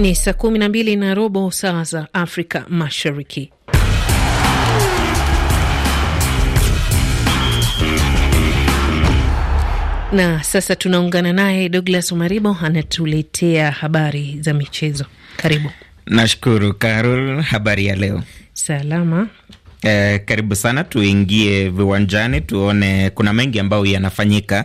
Ni saa kumi na mbili na robo saa za Afrika Mashariki. Na sasa tunaungana naye Douglas Maribo anatuletea habari za michezo. Karibu. Nashukuru Carol, habari ya leo? Salama. Eh, karibu sana, tuingie viwanjani tuone kuna mengi ambayo yanafanyika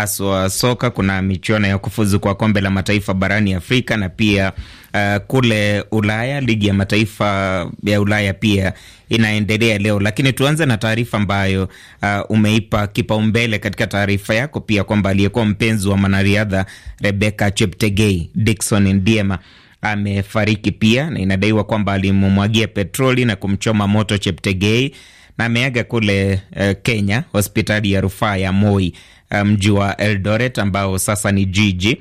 haswa soka. Kuna michuano ya kufuzu kwa kombe la mataifa barani Afrika na pia uh, kule Ulaya, ligi ya mataifa ya Ulaya pia inaendelea leo. Lakini tuanze na taarifa ambayo uh, umeipa kipaumbele katika taarifa yako pia kwamba aliyekuwa mpenzi wa mwanariadha Rebecca Cheptegei Dikson Ndiema amefariki pia, na inadaiwa kwamba alimumwagia petroli na kumchoma moto Cheptegei na ameaga kule uh, Kenya, hospitali ya rufaa ya Moi Eh, mji wa Eldoret ambao sasa ni jiji,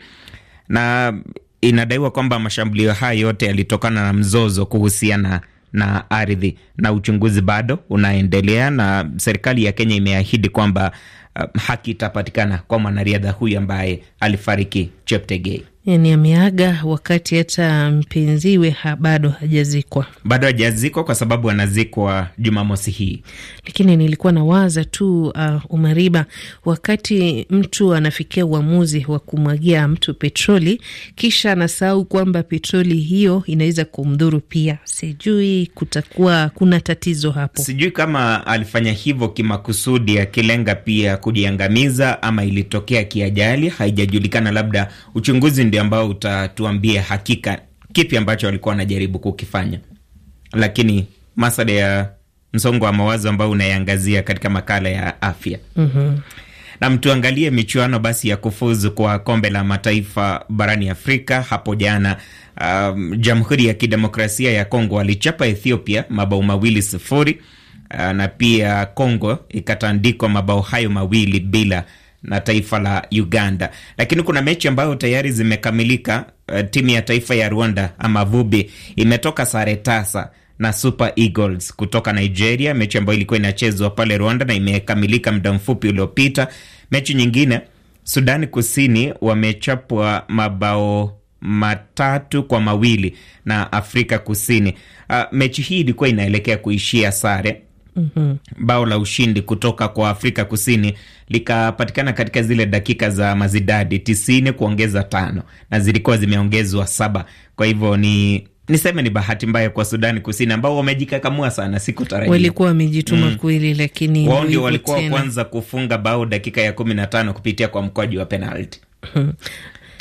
na inadaiwa kwamba mashambulio haya yote yalitokana na mzozo kuhusiana na ardhi, na uchunguzi bado unaendelea, na serikali ya Kenya imeahidi kwamba eh, haki itapatikana kwa mwanariadha huyu ambaye alifariki Cheptegei. Yani ameaga wakati hata mpenziwe bado hajazikwa, bado hajazikwa kwa sababu anazikwa Jumamosi hii. Lakini nilikuwa na waza tu uh, Umariba, wakati mtu anafikia uamuzi wa kumwagia mtu petroli kisha anasahau kwamba petroli hiyo inaweza kumdhuru pia, sijui kutakuwa kuna tatizo hapo. Sijui kama alifanya hivyo kimakusudi akilenga pia kujiangamiza ama ilitokea kiajali, haijajulikana. Labda uchunguzi ndio ambao utatuambia hakika kipi ambacho walikuwa wanajaribu kukifanya, lakini masada ya msongo wa mawazo ambao unayangazia katika makala ya afya mm -hmm. Nam, tuangalie michuano basi ya kufuzu kwa kombe la mataifa barani Afrika hapo jana. Um, Jamhuri ya Kidemokrasia ya Kongo walichapa Ethiopia mabao mawili sifuri, uh, na pia Kongo ikatandikwa mabao hayo mawili bila na taifa la Uganda. Lakini kuna mechi ambayo tayari zimekamilika. Uh, timu ya taifa ya Rwanda ama Vubi imetoka sare tasa na Super Eagles kutoka Nigeria, mechi ambayo ilikuwa inachezwa pale Rwanda na imekamilika muda mfupi uliopita. Mechi nyingine, Sudani Kusini wamechapwa mabao matatu kwa mawili na Afrika Kusini. Uh, mechi hii ilikuwa inaelekea kuishia sare -hmm. Bao la ushindi kutoka kwa Afrika Kusini likapatikana katika zile dakika za mazidadi tisini kuongeza tano na zilikuwa zimeongezwa saba. Kwa hivyo ni niseme ni bahati mbaya kwa Sudani Kusini ambao wamejikakamua sana, sikutarajia walikuwa wamejituma mm. kweli, lakini wao ndio walikuwa kwanza kufunga bao dakika ya kumi na tano kupitia kwa mkwaji wa penalti mm-hmm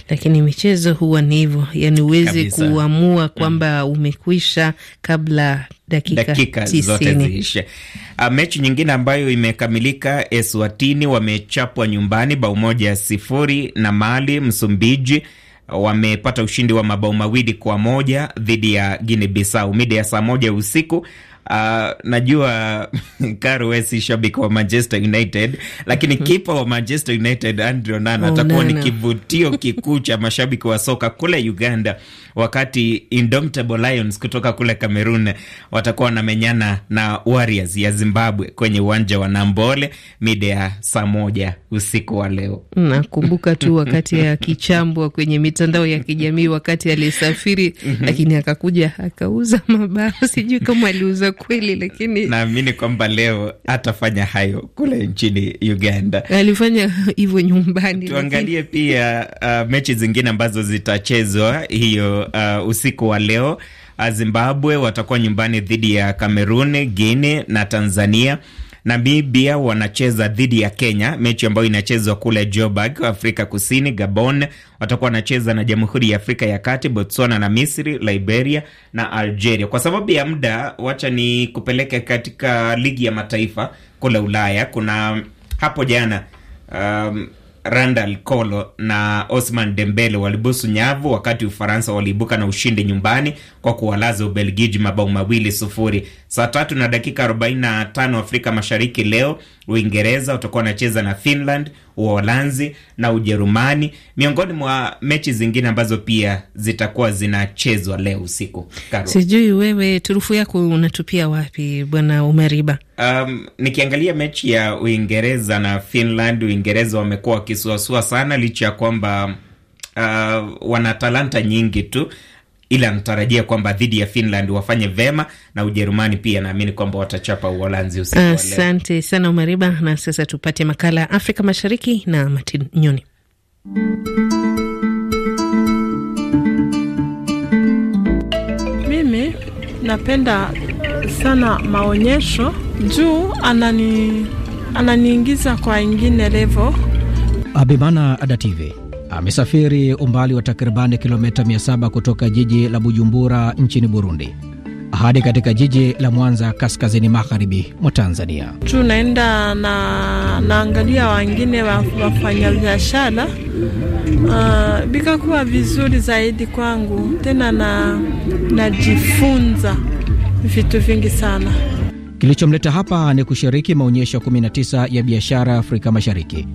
lakini michezo huwa ni hivyo, yani uweze kuamua mm. kwamba mm. umekwisha kabla dakika, dakika zote ziishe. Ah, mechi nyingine ambayo imekamilika, Eswatini wamechapwa nyumbani bao moja sifuri na Mali. Msumbiji wamepata ushindi wa mabao mawili kwa moja dhidi ya Guinea Bissau. Mida ya saa moja usiku Uh, najua Karu wewe si shabiki wa Manchester United, lakini mm -hmm. kipa wa Manchester United Andre Onana oh, atakuwa ni kivutio kikuu cha mashabiki wa soka kule Uganda, wakati Indomitable Lions kutoka kule Cameroon watakuwa wanamenyana na Warriors ya Zimbabwe kwenye uwanja wa Nambole mida ya saa moja usiku wa leo. Nakumbuka tu wakati akichambwa kwenye mitandao ya kijamii wakati alisafiri, mhm. lakini akakuja akauza mabao, sijui kama aliuza kweli, lakini naamini kwamba leo atafanya hayo kule nchini Uganda. Alifanya hivyo nyumbani. Tuangalie lakini... pia uh, mechi zingine ambazo zitachezwa hiyo uh, usiku wa leo. Uh, Zimbabwe watakuwa nyumbani dhidi ya Kamerun, Guinea na Tanzania. Namibia wanacheza dhidi ya Kenya, mechi ambayo inachezwa kule Joburg, Afrika Kusini. Gabon watakuwa wanacheza na Jamhuri ya Afrika ya Kati, Botswana na Misri, Liberia na Algeria. Kwa sababu ya muda, wacha ni kupeleke katika ligi ya mataifa kule Ulaya. Kuna hapo jana um, Randal Kolo na Osman Dembele walibusu nyavu wakati Ufaransa waliibuka na ushindi nyumbani kwa kuwalaza Ubelgiji mabao mawili sufuri. Saa tatu na dakika 45 Afrika Mashariki leo Uingereza watakuwa wanacheza na Finland Uholanzi na Ujerumani, miongoni mwa mechi zingine ambazo pia zitakuwa zinachezwa leo usiku. Karo, sijui wewe turufu yako unatupia wapi bwana umeriba Um, nikiangalia mechi ya Uingereza na Finland, Uingereza wamekuwa wakisuasua sana licha ya kwamba uh, wana talanta nyingi tu ila anatarajia kwamba dhidi ya Finland wafanye vema na Ujerumani pia naamini kwamba watachapa Uholanzi usiku. Asante sana Umariba, na sasa tupate makala ya Afrika Mashariki na Martin Nyoni. Mimi napenda sana maonyesho juu anani ananiingiza kwa ingine levo. Abimana Adative amesafiri umbali wa takribani kilomita 700 kutoka jiji la Bujumbura nchini Burundi hadi katika jiji la Mwanza kaskazini magharibi mwa Tanzania. Tunaenda na naangalia wengine wafanya biashara uh, bikakuwa vizuri zaidi kwangu tena na najifunza vitu vingi sana. Kilichomleta hapa ni kushiriki maonyesho 19 ya biashara Afrika Mashariki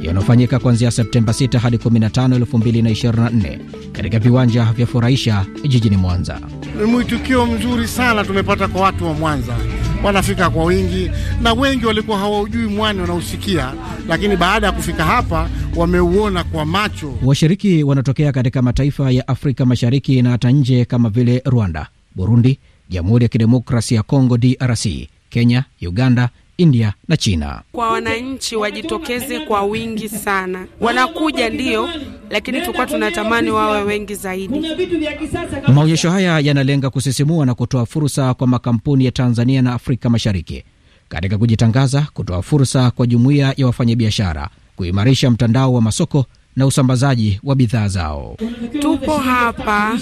yanayofanyika kuanzia Septemba 6 hadi 15, 2024 katika viwanja vya Furahisha jijini Mwanza. Ni mwitikio mzuri sana tumepata kwa watu wa Mwanza, wanafika kwa wingi, na wengi walikuwa hawaujui mwani, wanausikia lakini baada ya kufika hapa wameuona kwa macho. Washiriki wanatokea katika mataifa ya Afrika Mashariki na hata nje kama vile Rwanda, Burundi, Jamhuri ya Kidemokrasia ya Kongo DRC, Kenya, Uganda, India na China. Kwa wananchi wajitokeze kwa wingi sana, wanakuja ndiyo, lakini tulikuwa tunatamani wawe wengi zaidi. Maonyesho haya yanalenga kusisimua na kutoa fursa kwa makampuni ya Tanzania na Afrika Mashariki katika kujitangaza, kutoa fursa kwa jumuiya ya wafanyabiashara, kuimarisha mtandao wa masoko na usambazaji wa bidhaa zao. Tupo hapa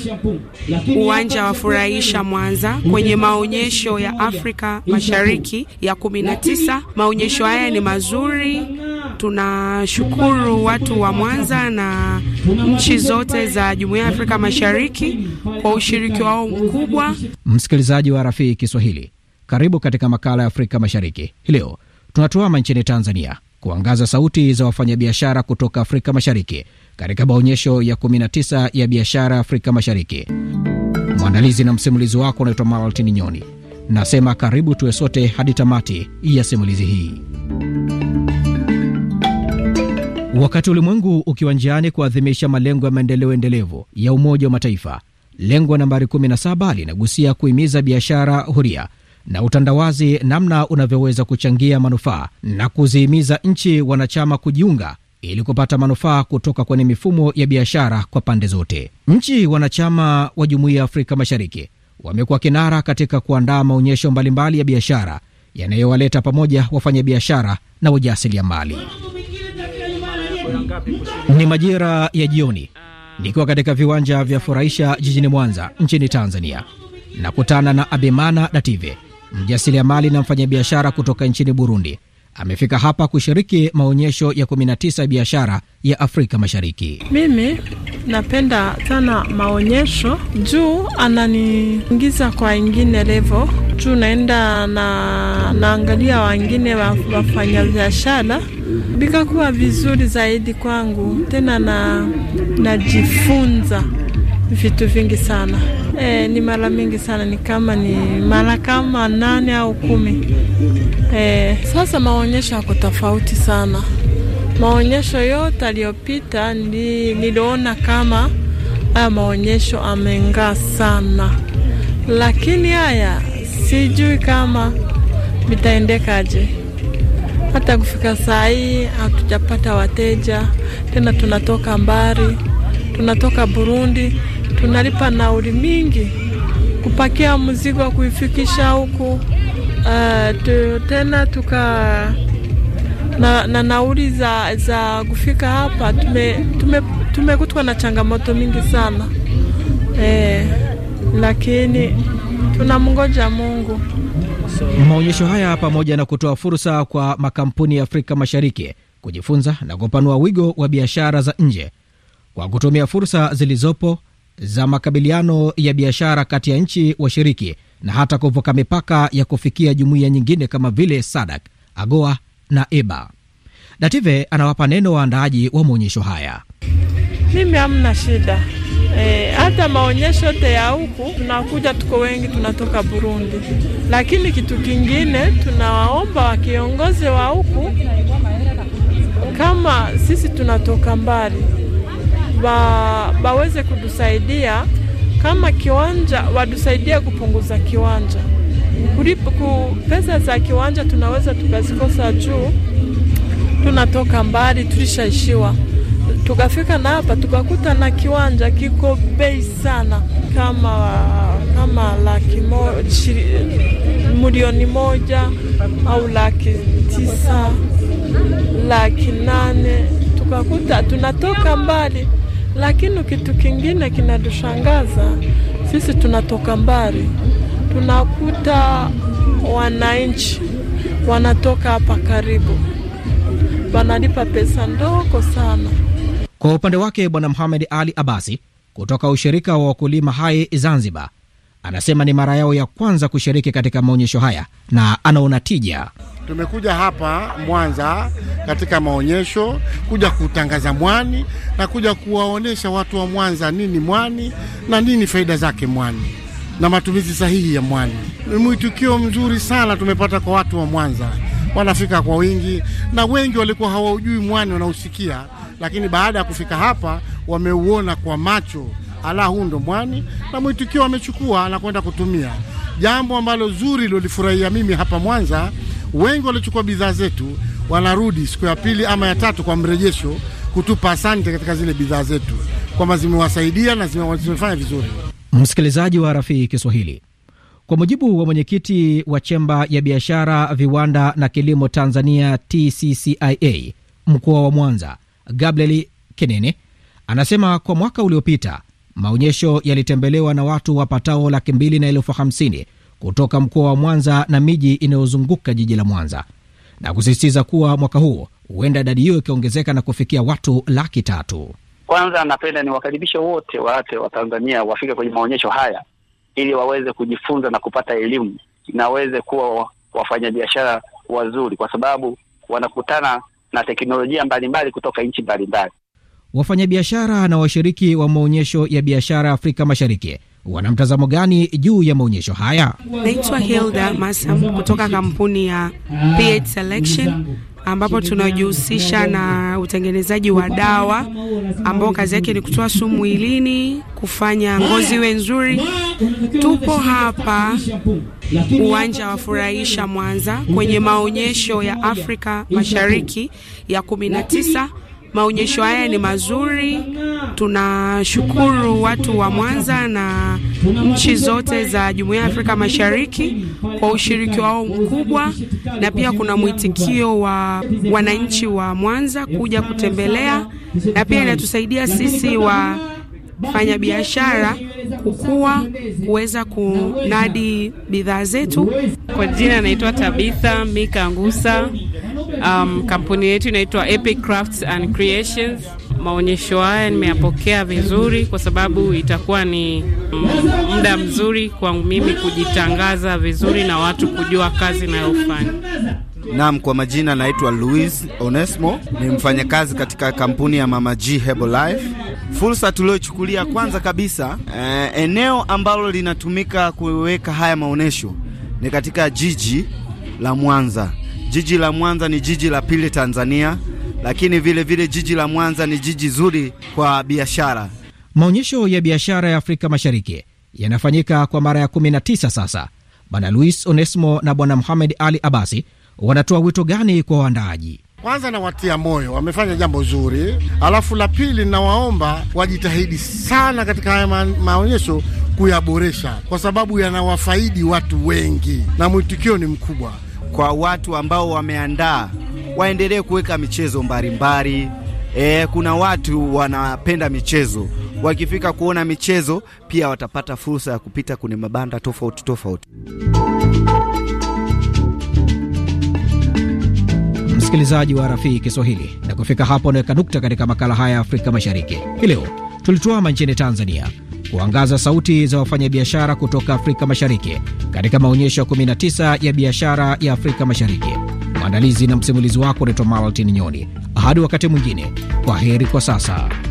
uwanja wa Furahisha Mwanza kwenye maonyesho ya Afrika Mashariki ya 19. Maonyesho haya ni mazuri. Tunashukuru watu wa Mwanza na nchi zote za Jumuiya ya Afrika Mashariki kwa ushiriki wao mkubwa. Msikilizaji wa Rafiki Kiswahili, karibu katika makala ya Afrika Mashariki. leo tunatuama nchini Tanzania kuangaza sauti za wafanyabiashara kutoka Afrika Mashariki katika maonyesho ya 19 ya biashara Afrika Mashariki. Mwandalizi na msimulizi wako unaitwa Malaltini Nyoni. Nasema karibu tuwe sote hadi tamati ya simulizi hii. Wakati ulimwengu ukiwa njiani kuadhimisha malengo ya maendeleo endelevu ya Umoja wa Mataifa, lengo nambari 17 linagusia kuhimiza biashara huria na utandawazi namna unavyoweza kuchangia manufaa na kuzihimiza nchi wanachama kujiunga ili kupata manufaa kutoka kwenye mifumo ya biashara kwa pande zote. Nchi wanachama wa Jumuiya ya Afrika Mashariki wamekuwa kinara katika kuandaa maonyesho mbalimbali ya biashara yanayowaleta pamoja wafanyabiashara na wajasiriamali. Ni majira ya jioni nikiwa katika viwanja vya furahisha jijini Mwanza nchini Tanzania, nakutana na Abimana Dative mjasiriamali na mfanyabiashara kutoka nchini Burundi, amefika hapa kushiriki maonyesho ya 19 ya biashara ya Afrika Mashariki. Mimi napenda sana maonyesho juu ananiingiza kwa ingine levo juu naenda na naangalia wengine wafanya biashara bikakuwa vizuri zaidi kwangu, tena na najifunza vitu vingi sana e, ni mara mingi sana, ni kama ni mara kama nane au kumi. E, sasa maonyesho yako tofauti sana. Maonyesho yote aliyopita niliona kama haya maonyesho ameng'aa sana, lakini haya sijui kama vitaendekaje. Hata kufika saa hii hatujapata wateja tena, tunatoka mbari tunatoka Burundi tunalipa nauli mingi kupakia mzigo kuifikisha huku. Uh, tena tuka na, na nauli za, za kufika hapa tumekutwa tume, tume na changamoto mingi sana eh, lakini tunamngoja Mungu. Maonyesho haya pamoja na kutoa fursa kwa makampuni ya Afrika Mashariki kujifunza na kupanua wigo wa biashara za nje kwa kutumia fursa zilizopo za makabiliano ya biashara kati ya nchi washiriki na hata kuvuka mipaka ya kufikia jumuiya nyingine kama vile sadak AGOA na EBA. Dative anawapa neno waandaaji wa maonyesho haya. Mimi hamna shida e, hata maonyesho yote ya huku tunakuja, tuko wengi, tunatoka Burundi. Lakini kitu kingine tunawaomba wakiongozi wa huku, kama sisi tunatoka mbali ba, baweze kudusaidia kama kiwanja, watusaidia kupunguza kiwanja kulipo ku, pesa za kiwanja tunaweza tukazikosa juu tunatoka mbali, tulishaishiwa tukafika na hapa tukakuta na kiwanja kiko bei sana kama kama laki mo, shiri, milioni moja au laki tisa laki nane tukakuta tunatoka mbali. Lakini kitu kingine kinatushangaza sisi, tunatoka mbali, tunakuta wananchi wanatoka hapa karibu, wanalipa pesa ndogo sana. Kwa upande wake Bwana Muhamed Ali Abasi kutoka ushirika wa wakulima hai Zanzibar anasema ni mara yao ya kwanza kushiriki katika maonyesho haya na anaona tija. Tumekuja hapa Mwanza katika maonyesho kuja kutangaza mwani na kuja kuwaonyesha watu wa Mwanza nini mwani na nini faida zake mwani na matumizi sahihi ya mwani. Ni mwitikio mzuri sana tumepata kwa watu wa Mwanza, wanafika kwa wingi, na wengi walikuwa hawaujui mwani, wanausikia, lakini baada ya kufika hapa wameuona kwa macho, ala, huu ndo mwani, na mwitikio wamechukua na kwenda kutumia, jambo ambalo zuri lolifurahia mimi hapa Mwanza. Wengi waliochukua bidhaa zetu wanarudi siku ya pili ama ya tatu kwa mrejesho kutupa asante katika zile bidhaa zetu kwamba zimewasaidia na zimefanya vizuri. Msikilizaji wa Rafii Kiswahili, kwa mujibu wa mwenyekiti wa chemba ya biashara, viwanda na kilimo Tanzania TCCIA mkoa wa Mwanza, Gabriel Kenene anasema kwa mwaka uliopita maonyesho yalitembelewa na watu wapatao laki mbili na elfu hamsini kutoka mkoa wa Mwanza na miji inayozunguka jiji la Mwanza na kusisitiza kuwa mwaka huo huenda idadi hiyo ikiongezeka na kufikia watu laki tatu. Kwanza napenda niwakaribishe wote waate tanzania wafike kwenye maonyesho haya ili waweze kujifunza na kupata elimu na waweze kuwa wafanyabiashara wazuri, kwa sababu wanakutana na teknolojia mbalimbali kutoka nchi mbalimbali. Wafanyabiashara na washiriki wa maonyesho ya biashara Afrika Mashariki wana mtazamo gani juu ya maonyesho haya? Naitwa Hilda Masam kutoka kampuni ya PH Selection ambapo tunajihusisha na utengenezaji wa dawa ambao kazi yake ni kutoa sumu mwilini, kufanya ngozi iwe nzuri. Tupo hapa uwanja wa Furahisha Mwanza kwenye maonyesho ya Afrika Mashariki ya kumi na tisa Maonyesho haya ni mazuri, tunashukuru watu wa Mwanza na nchi zote za Jumuiya ya Afrika Mashariki kwa ushiriki wao mkubwa, na pia kuna mwitikio wa wananchi wa Mwanza kuja kutembelea, na pia inatusaidia sisi wa fanya biashara kukua, kuweza kunadi bidhaa zetu. Kwa jina naitwa Tabitha Mika Ngusa. Um, kampuni yetu inaitwa Epic Crafts and Creations. Maonyesho haya nimeyapokea vizuri, kwa sababu itakuwa ni muda mzuri kwangu mimi kujitangaza vizuri na watu kujua kazi inayofanya. Naam, kwa majina naitwa louis Onesmo, ni mfanyakazi katika kampuni ya Mama G Herbal Life. Fursa tuliochukulia kwanza kabisa, eh, eneo ambalo linatumika kuweka haya maonyesho ni katika jiji la Mwanza Jiji la Mwanza ni jiji la pili Tanzania, lakini vile vile jiji la Mwanza ni jiji zuri kwa biashara. Maonyesho ya biashara ya Afrika Mashariki yanafanyika kwa mara ya 19 sasa. Bwana Luis Onesmo na Bwana Muhamed Ali Abasi wanatoa wito gani kwa waandaaji? Kwanza nawatia moyo, wamefanya jambo zuri. Alafu la pili, nawaomba wajitahidi sana katika haya maonyesho kuyaboresha, kwa sababu yanawafaidi watu wengi na mwitikio ni mkubwa kwa watu ambao wameandaa waendelee kuweka michezo mbalimbali. E, kuna watu wanapenda michezo, wakifika kuona michezo pia watapata fursa ya kupita kwenye mabanda tofauti tofauti. Msikilizaji wa Rafiki Kiswahili, na kufika hapo anaweka nukta katika makala haya ya Afrika Mashariki hii leo. Tulituama nchini Tanzania kuangaza sauti za wafanyabiashara kutoka Afrika Mashariki katika maonyesho 19 ya biashara ya Afrika Mashariki. Mwandalizi na msimulizi wako unaitwa Maltin Nyoni. Hadi wakati mwingine, kwa heri kwa sasa.